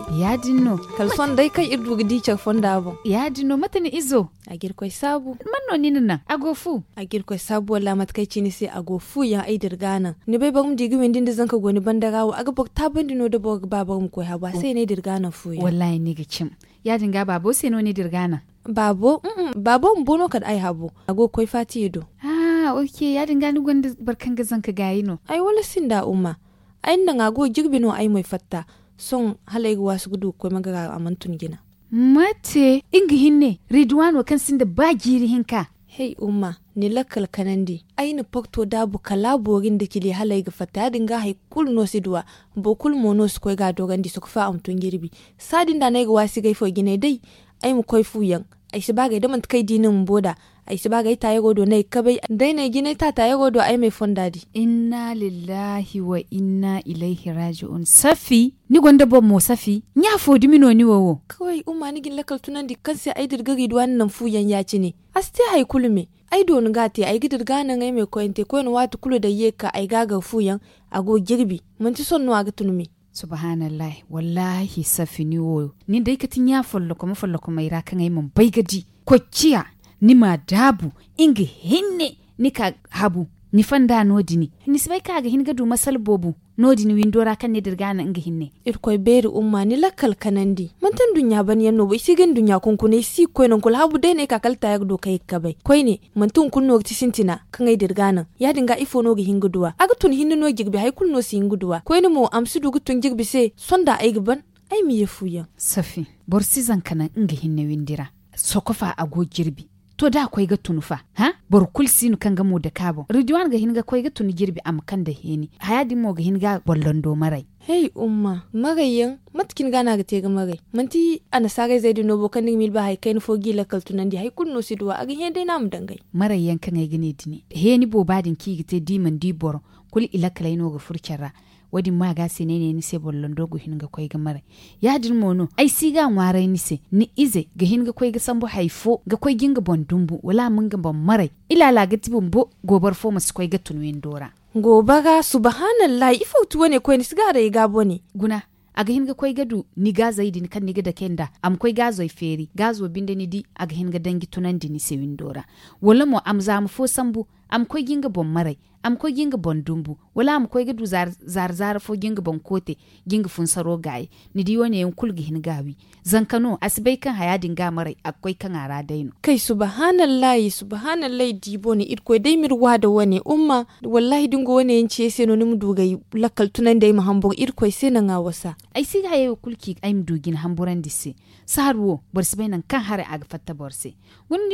kai irdu gidi ce fonda irdugdi ya dinno mata matani izo a koy sabu manno ni nan agofu a koy sabu walla mat kai ci ni ago agofu ya ai gana ni bai bagum digi wendinde zanka goni bandarawo aga ta bandino da bog babagum koy haba oh. sai ne dirgana fuya wallahi ni cim ya ga babo no ne dirgana babo babo mbono kad ai habo ago koi fati yedo ah okay ya dinga ni gwanda barkan gazan ka gayi no ai wala sin da umma ai nan ago jirbi no ai mai fatta son halai wasu gudu koi magaga amantun gina mate inga hinne ridwan kan sin da ba jiri hinka hey umma ni lakal kanandi ai ni pokto dabu kala borin da hala halai ga fatta ya dinga hai kul no duwa bo kul monos koi ga dogandi kufa amtun girbi sadin da nai ga gai gaifo gine dai ai mu koi fuyan ai si bagai da mantakai dinin boda ai si bagai ta yagodo nai kabai dai na gina ta ta yagodo ai mai fonda di inna lillahi wa inna ilaihi raji'un safi ni gonda bon mo safi nya fo mino ni wowo kawai umma ni gin lakal tunan di kan sai ai dirgari da wannan fuyan ya ci ne asti hai kulme ai don gate ai gidir nan ai mai koyante koyin wata kulu da yeka ai gaga fuyan ago girbi mun ci son nuwa ga tunumi subhanallah wallahi ni wo ni dai katin ya follo kuma follo kuma ira kan ai mun bai gaji kokkiya ni ma dabu inga hinne ni ka habu ni fanda no dini ni sibai ka ga hin du masal bobu nodin windora kan ne na nga hinne irkoy beri umma ni lakkal kanandi mantan dunya ban yanno bo isi gan dunya kun kunai si koy non kul habu dene ka kalta yak do kay kabe koy ne mantun kun no tisintina kan dirga dirgana ya dinga ifo no gi hinguduwa aga tun hinno no jigbi hay kun no si hinguduwa koy ne mo amsu dugu tun jigbi se sonda ay gban ai mi yan safi bor sizan kana nga hinne windira sokofa ago girbi to da kwai ga tunu fa ha bor kulsinu kan gamo da kabo ridwan ga hinga kwai ga tunu girbi am kan da heni hayadin mo ga hinga bollon do marai hey umma magayen matkin gana ga tega magai manti ana sagai zai bo kanin mil ba hay kain fogi la tunan di hay kunno sidwa aga hen dai nam dangai yan kan ga gine dini heni bo badin ki gite diman di bor kul ila kalaino ga furkarra wadi ma ga sine ne nise bollon dogo hin ga koy ga mare ya din mono ai si ga ngware nise ni ize ga hin ga koy ga sambo haifo ga koy ginga bon dumbu wala mun ga bon mare ila la ga tibun bo gobar fo mas koy ga tunwin dora ga subhanallah ifo tuwo ne koy ni sigara ga boni guna aga hinga koy du ni ga zaidi ni kan ga da kenda am koy ga zoi feri zo binde ni di aga hinga dangi tunan tunandi ni sewindora wala mo am zamu fo sambu am koy ginga bon marai am koy ginga bon dumbu wala am koy gidu zar zar, zar fo ginga bon kote ginga fun saro gai ni di wone yon kulgi hin gawi zankano asibai kan haya ga marai akwai kan ara daino kai subhanallahi subhanallahi di boni it koy dai mir wada wane umma wallahi dingo wane yin ce sai no nim dugai lakal tunan dai mahambur it koy sai nan awasa ai si haye kulki ai mdugin hamburan disi sarwo borsibai nan kan hare aga fatta borsi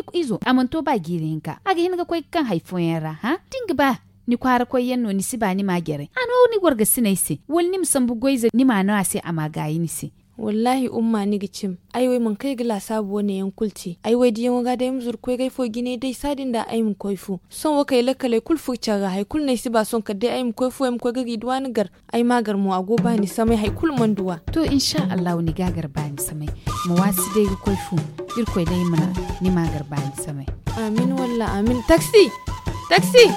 ku izo amanto ba girenka aga ga koy kan haifo yara ha dinga ba ni kwara ko yanno ni siba ni magere ano ni gorga sinaisi wol ni musambu goiza ni ma no ase ama gayi ni si wallahi umma gicim ai wai mun kai gila sabu wani yankulci ai wai diyan waga da yamzur koi gai fo gine dai sadin da ai mun koifu son waka yi lakale kul fu caga hai kul ne ba son ka dai ai mun koifu ai mun koi duwa gar ai magar mu ago ba ni samai hai kul man duwa to insha Allah ni gagar ba ni samai mu wasi dai ga koifu irkoi dai mana ni magar ba ni samai amin walla amin taxi taxi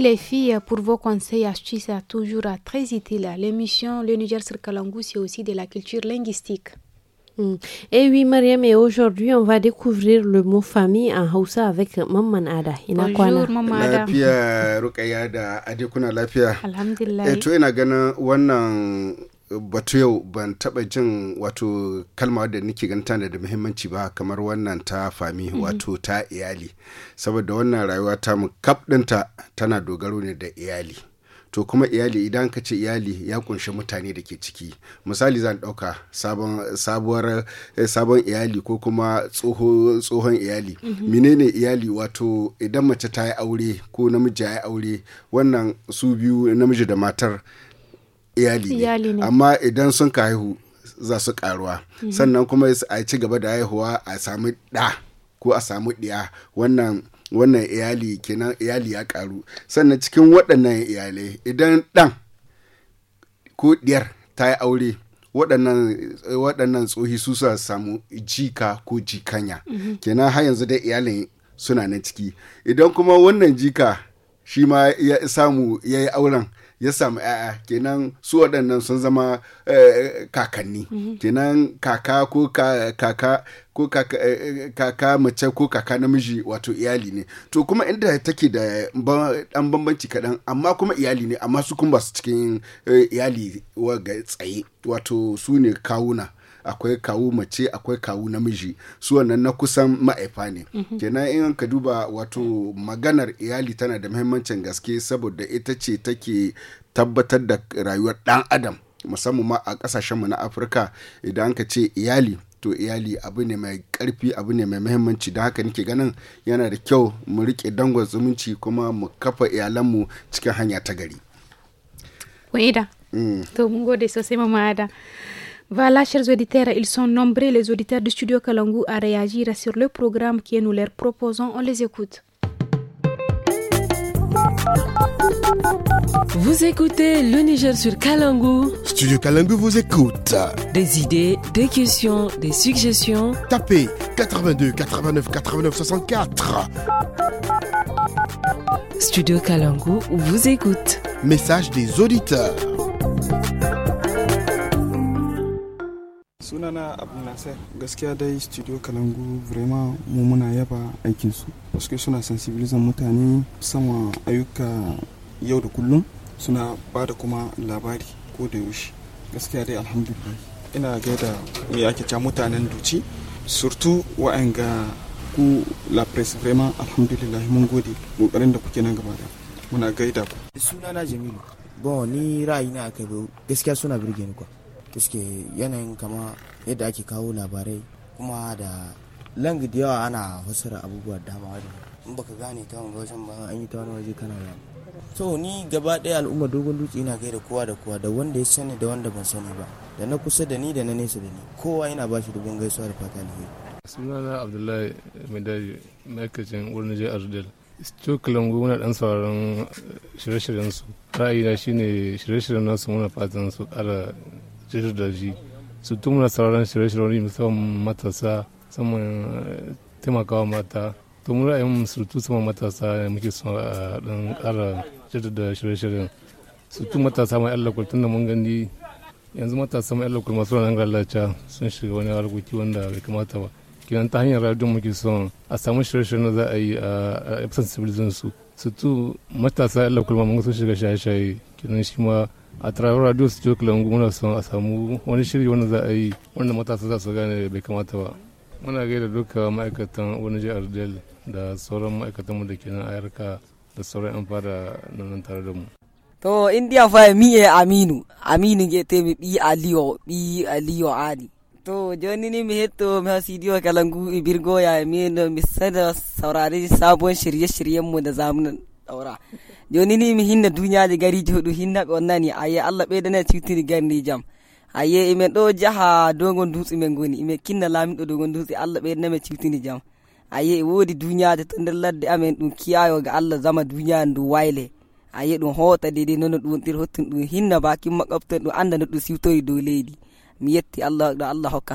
les filles pour vos conseils, astuces, toujours très utiles. L'émission Le Niger sur c'est aussi de la culture linguistique. Hmm. Et eh oui, Mariam, et aujourd'hui, on va découvrir le mot famille en Hausa avec Maman Ada. Bonjour, Maman Ada. Alhamdulillah. Et eh, batu yau ban taɓa jin wato kalma da nake ganta da muhimmanci ba kamar wannan ta fami mhm. wato ta iyali saboda wannan rayuwa ta mu kaf tana dogaro ne da iyali to kuma iyali idan ka ce iyali ya kunshi mutane da ke ciki misali zan ɗauka sabon eh, iyali ko kuma tsohon iyali mhm. menene iyali wato idan mace ta yi aure ko namiji ya yi aure wannan su biyu namiji da matar iyali ne amma idan sun ka haihu za su karuwa mhm. sannan kuma a ci gaba da haihuwa a samu ɗa ko a samu ɗiya wannan wannan iyali kenan iyali ya karu sannan cikin waɗannan iyalai idan ɗan ko ɗiyar ta yi aure waɗannan tsohi su sa samu jika ko jikanya mhm. kenan har yanzu dai iyalin suna na ciki idan kuma wannan jika shi ma ya samu ya yi auren ya samu ‘ya'ya kenan su waɗannan sun zama eh, kakanni mhm. kenan kaka ko kaka ko eh, kaka mace ko kaka namiji wato iyali ne to kuma inda take da ɗan bambanci kaɗan amma kuma iyali ne amma su kuma ba su cikin eh, iyali wa tsaye wato su ne kawuna akwai kawu mace akwai kawu namiji su wannan na kusan ma'aifa ne mhm. kenan in ka duba wato maganar iyali tana da muhimmancin gaske saboda ita ce take tabbatar da rayuwar dan adam musamman ma a kasashenmu na afirka idan ka ce iyali to iyali abu ne mai karfi abu ne mai muhimmanci don haka nake ganin yana da kyau mu rike dangon zumunci kuma mu kafa iyalanmu cikin hanya ta gari. Mm. To mun gode sosai mama Ada. Voilà, chers auditeurs, ils sont nombreux, les auditeurs du studio Kalangu, à réagir sur le programme que nous leur proposons. On les écoute. Vous écoutez le Niger sur Kalangu. Studio Kalangu vous écoute. Des idées, des questions, des suggestions. Tapez 82 89 89 64. Studio Kalangu vous écoute. Message des auditeurs. sunana abu nasir gaskiya dai studio kalangu vraiment mu muna yaba aikinsu paske suna sensibilizan mutane sama ayyuka yau da kullum suna ba da kuma labari ko da yaushe gaskiya dai alhamdulillah ina gaida me ake ca mutanen duci surtu wa'anga ku la presse vraiment alhamdulillah mun gode kokarin da kuke nan gaba da muna gaida ku sunana jamilu bon ni ra'ayi na akai gaskiya suna birge ni kwa suke yanayin kama yadda ake kawo labarai kuma da langi da yawa ana fassara abubuwa dama wajen in baka gane ta wani wajen ba an yi ta wani waje kana ba. to ni gaba ɗaya al'umma dogon dutse ina gaida kowa da kowa da wanda ya sani da wanda ban sani ba da na kusa da ni da na nesa da ni kowa yana bashi dubin gaisuwa da fata alheri sunana abdullahi daji ma'aikacin wurin jihar del cokilan na dan sauraron shirye-shiryen su ra'ayi ra'ayina shine shirye-shiryen nasu muna fatan su kara shirin da shi su tumna sauran shirye-shirye musamman matasa musamman taimakawa mata to mu ra'ayin surutu sama matasa muke son a uh, dan ƙara shirin da shirye-shiryen surutu matasa mai allakul tun da mun gani yanzu matasa mai allakul masu ranar lalata sun shiga wani harkoki wanda bai kamata ba kinan ta hanyar radio muke son a samu shirye-shiryen na za a yi uh, a sensibilizin su sutu matasa allakul ma mun sun shiga shaye-shaye kinan shi ma a travers radio studio kalangu muna son a samu wani shiri wanda za a yi wanda matasa za su gane bai kamata ba muna gaida duka ma'aikatan wani jihar del da sauran mu da ke nan ayarka da sauran yan fada nan tare da mu to india fa mi e aminu aminu ge te bi aliyo bi aliyo ali to joni ni mi heto mi ha sidiyo kalangu ibirgo ya mi no mi sada saurari, sabon shirye-shiryen mu da zamunan ɗaura joni ni mi hinna duñaji gariji hoɗum hinnaɓe on nani aye allah ɓeydane siwtiri gani jam aye imen ɗo jaha dogon dutse men goni imen kinna laamiɗo dogon dutse allah ɓeydanamen siwtiri jam aye wo woodi duñaje to nder ladde amen ɗum kiyayo ga allah zama duñaje ndu wayle aye ɗum hoota dedi nono ɗum wontir hottun ɗum hinna bakin ɗum anda no ɗum siwtori dow leydi mi yetti allah ɗo allah hokka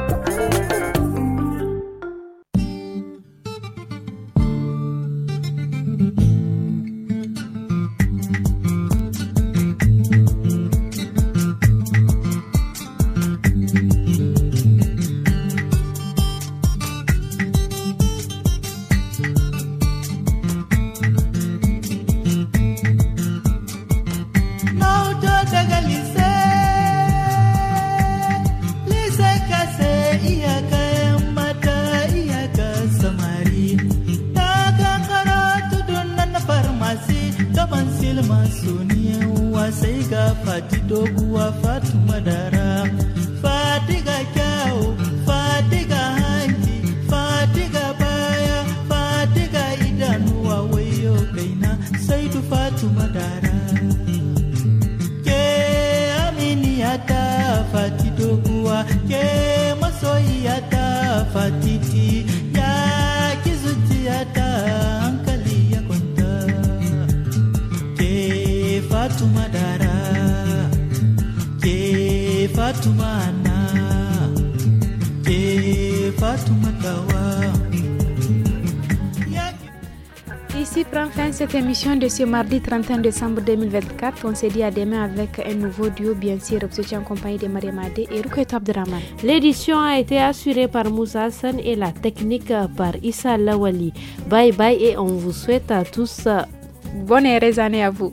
l'émission de ce mardi 31 décembre 2024. On s'est dit à demain avec un nouveau duo, bien sûr. obsédé en compagnie de Marie Madé et Ruketo Abdraman. L'édition a été assurée par Moussa Hassan et la technique par Issa Lawali. Bye bye et on vous souhaite à tous euh, bonne et heureuse année à vous.